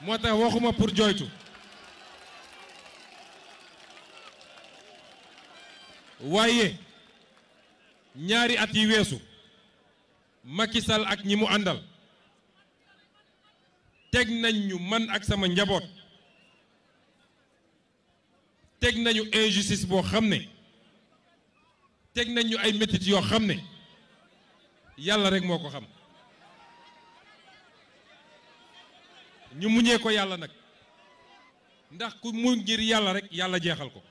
moo tax waxuma pour jooytu waaye ñaari at yi weesu ma kisal ak ñi mu àndal teg nañ ñu man ak sama njaboot teg nañu injustice boo xam ne teg nañu ay metit yoo xam ne yàlla rek moo ko xam ñu muñee ko yàlla nag ndax ku mu ngir yàlla rek yàlla jeexal ko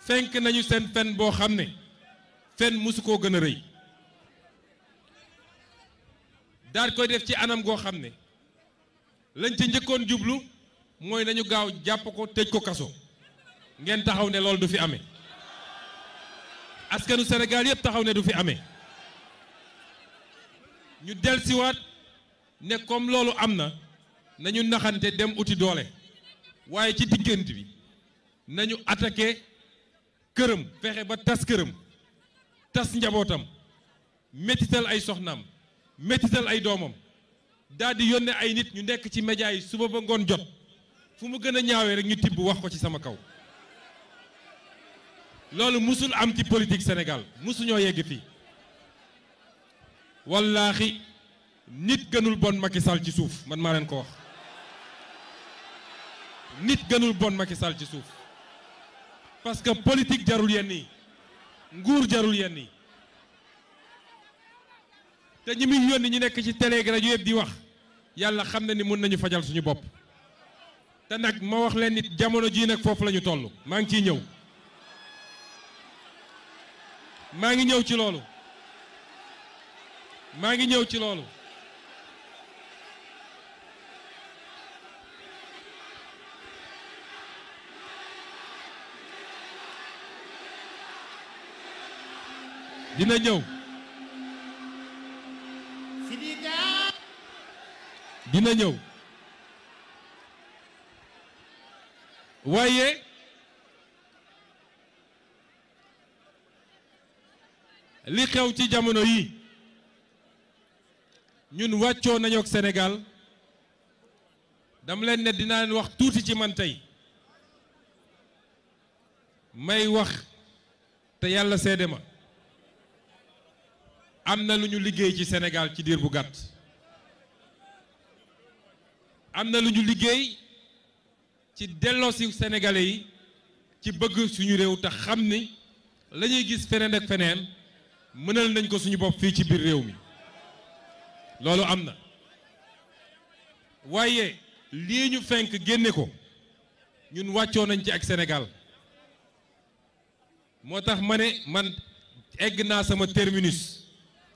fenk nañu seen fen boo xam ne fen mosu koo gën a rëy daal koy def ci anam goo xam ne lañ ci njëkkoon jublu mooy nañu gaaw jàpp ko tëj ko kaso ngeen taxaw ne loolu du fi amee askanu Sénégal yëpp taxaw ne du fi amee ñu dellusiwaat ne comme loolu am na nañu naxante dem uti doole waaye ci diggante bi nañu attaqué këram fexe ba tas këram tas njabootam métital ay soxnaam métital ay doomam daal di yónnee ay nit ñu nekk ci média yi suba ba ngoon jot fu mu gën a ñaawee rek ñu tibb wax ko ci sama kaw loolu musul am ci politique Sénégal musuñoo yegg fii wallaahi nit gënul bon Macky sal ci suuf man maa leen ko wax nit gënul bon Macky sal ci suuf parce que politique jarul yenn yi nguur jarul yenn yi te ñi muy yónni ñu nekk ci télé rajo yëpp di wax yàlla xam na ni mën nañu fajal suñu bopp te nag ma wax leen nit jamono jii nag foofu la ñu toll maa ngi ciy ñëw maa ngi ñëw ci loolu maa ngi ñëw ci loolu dina ñëw dina ñëw waaye li xew ci jamono yi ñun wàccoo nañu ak Sénégal dama leen ne dinaa leen wax tuuti ci man tey may wax te yàlla seede ma am na lu ñu liggéey ci Sénégal ci diir bu gàtt am na lu ñu liggéey ci delloosi senegale yi ci bëgg suñu réew te xam ni lañuy gis feneen ak feneen mënal nañ ko suñu bopp fii ci biir réew mi loolu am na waaye lii ñu fenk génne ko ñun wàccoo nañ ci ak senegal moo tax ma ne man egg naa sama terminus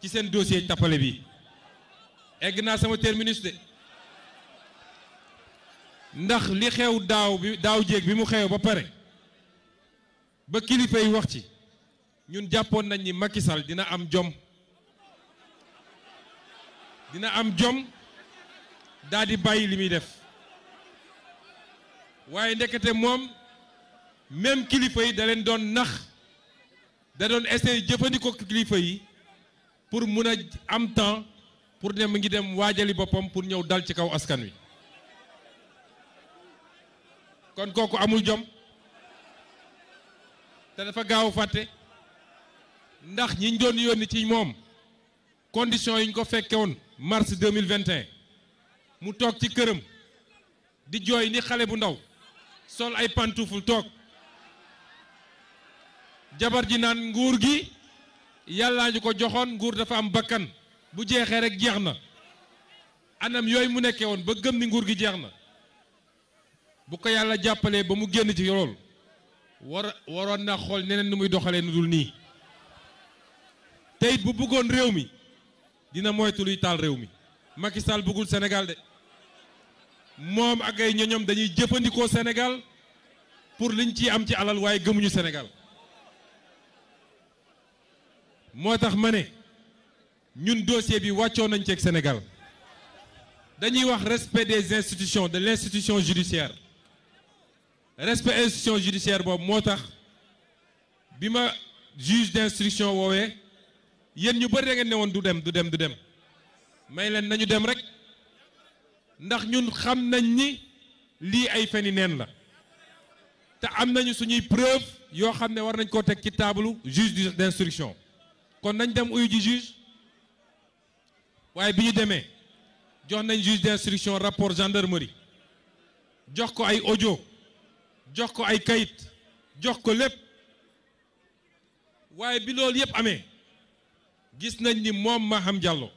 ci seen dossier tappale bi egg naa sama terminus de ndax li xew daaw bi daaw jéeg bi mu xew ba pare ba kilifa yi wax ci ñun jàppoon nañ ni makisal dina am jom dina am jom daal bàyyi li muy def waaye ndekete moom même kilifa yi daleen doon nax da doon essayer jëfandikoo kilifa yi pour mun a am temps pour ne mu ngi dem waajali boppam pour ñëw dal ci kaw askan wi kon kooku amul jom te dafa gaaw fàtte ndax ñi doon yónni ci moom condition yi ñu ko fekke woon mars 2021 mu toog ci këram di jooy ni xale bu ndaw sol ay pantoufle toog jabar ji naan nguur gi yàllaa ñu ko joxoon nguur dafa am bakkan bu jeexee rek jeex na anam yooyu mu nekkee woon ba gëm ni nguur gi jeex na bu ko yàlla jàppalee ba mu génn ci lool war waroon na xool neneen nu muy doxalee nu dul nii te it bu bëggoon réew mi dina moytu luy taal réew mi Macky Sall bëggul Sénégal de moom ak ay ñoñom dañuy jëfandikoo Sénégal pour liñ ci am ci alal waaye gëmuñu senegal moo tax ma ne ñun dossier bi wàccoo nañ ci ak Sénégal dañuy wax respect des institutions de l'institution judiciaire respect institution judiciaire boobu moo tax bi ma juge d'instruction woowee yéen ñu bari da ngeen woon du dem du dem du dem may leen nañu dem rek ndax ñun xam nañ ni lii ay feni neen la te am nañu suñuy preuve yoo xam ne war nañ koo teg ci taabalu juge d'instruction kon nañ dem uyu ji juge waaye bi ñu demee jox nañ juge d'instruction rapport gendarmerie jox ko ay ojo jox ko ay kayit jox ko lépp waaye bi loolu yépp amee gis nañ ni moom Maham Diallo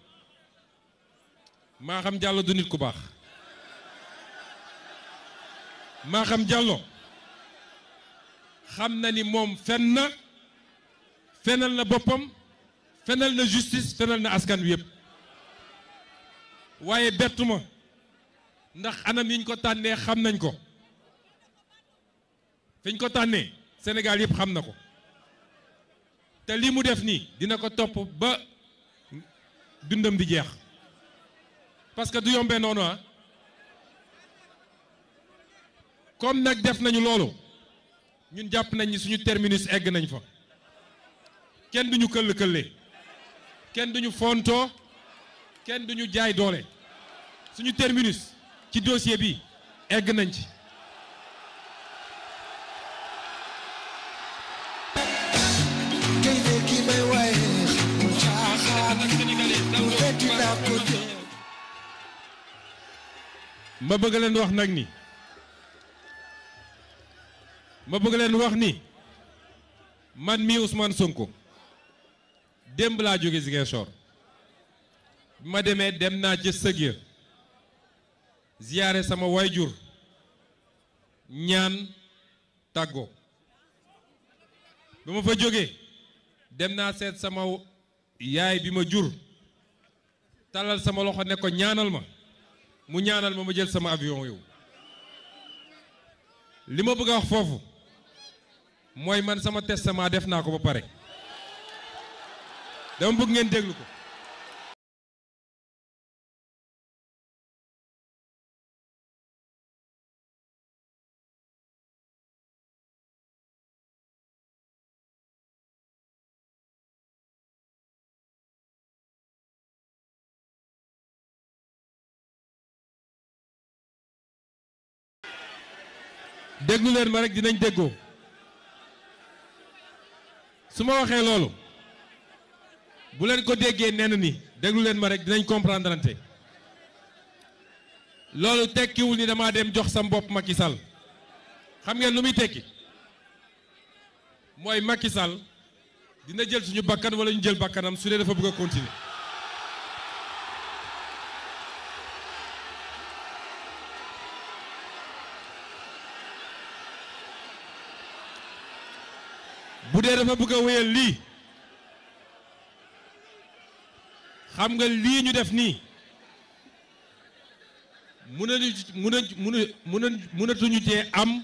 maaxam Diallo du nit ku baax maaxam Diallo xam na ni moom fen na fenal na boppam fenal na justice fenal na askan wi yëpp waaye bettu ma ndax anam yi ko tànnee xam nañ ko fi ko tànnee Sénégal yëpp xam na ko te lii mu def nii dina ko topp ba dundam di jeex parce que du yombee noonu ah comme nag def nañu loolu ñun jàpp nañ ni suñu terminus egg nañ fa kenn duñu këll-këllee kenn duñu fontoo kenn duñu jaay doole suñu terminus ci dossier bi egg nañ ci ma bëgg leen wax nag ni ma bëgg leen wax ni man mii Ousmane Sonko démb laa jóge Ziguinchor bi ma demee dem naa ca sëg ya ziyaare sama jur ñaan tàggoo ba ma fa jógee dem naa seet sama yaay bi ma jur tàllal sama loxo ne ko ñaanal ma mu ñaanal ma ma jël sama avion yow li ma bëgg a wax foofu mooy man sama testament def naa ko ba pare dama bëgg ngeen déglu ko dégluleen ma rek dinañ déggoo su ma waxee loolu bu leen ko déggee nenn ni déglu leen ma rek dinañ comprendre ante loolu tekkiwul ni damaa dem jox sam bopp Macky Sall xam ngeen lu muy tekki mooy Macky Sall dina jël suñu bakkan wala ñu jël bakkanam su dee dafa bëgg a bu dee dafa bëgg a wéyal lii xam nga lii ñu def nii mënañu mën a mënatuñu cee am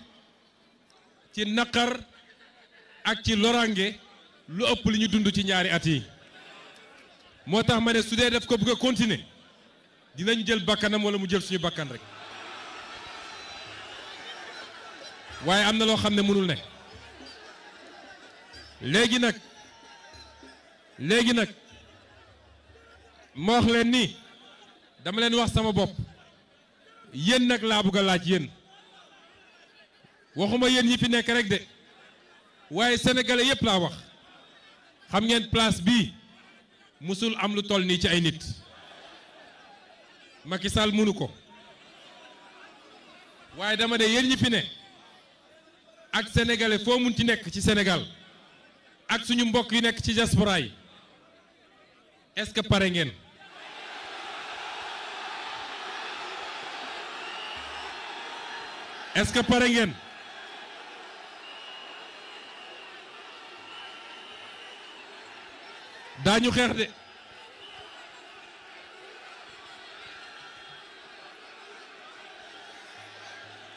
ci naqar ak ci loraange lu ëpp li ñu dund ci ñaari at yi moo tax ma ne su dee def ko bëgg a continuer dinañ jël bakkanam wala mu jël suñu bakkan rek waaye am na loo xam ne mënul ne léegi nag léegi nag ma wax leen ni dama leen wax sama bopp yéen nag laa bëgg a laaj yéen waxuma yéen ñi fi nekk rek de waaye sénégalais yépp laa wax xam ngeen place bii musul am lu toll nii ci ay nit Macky Sall mënu ko waaye dama ne yéen ñi fi ne ak sénégalais foo mun ci nekk ci senegal ak suñu mbokk yi nekk ci diaspora yi est-ce que pare ngeen est-ce que pare ngeen daañu xeex de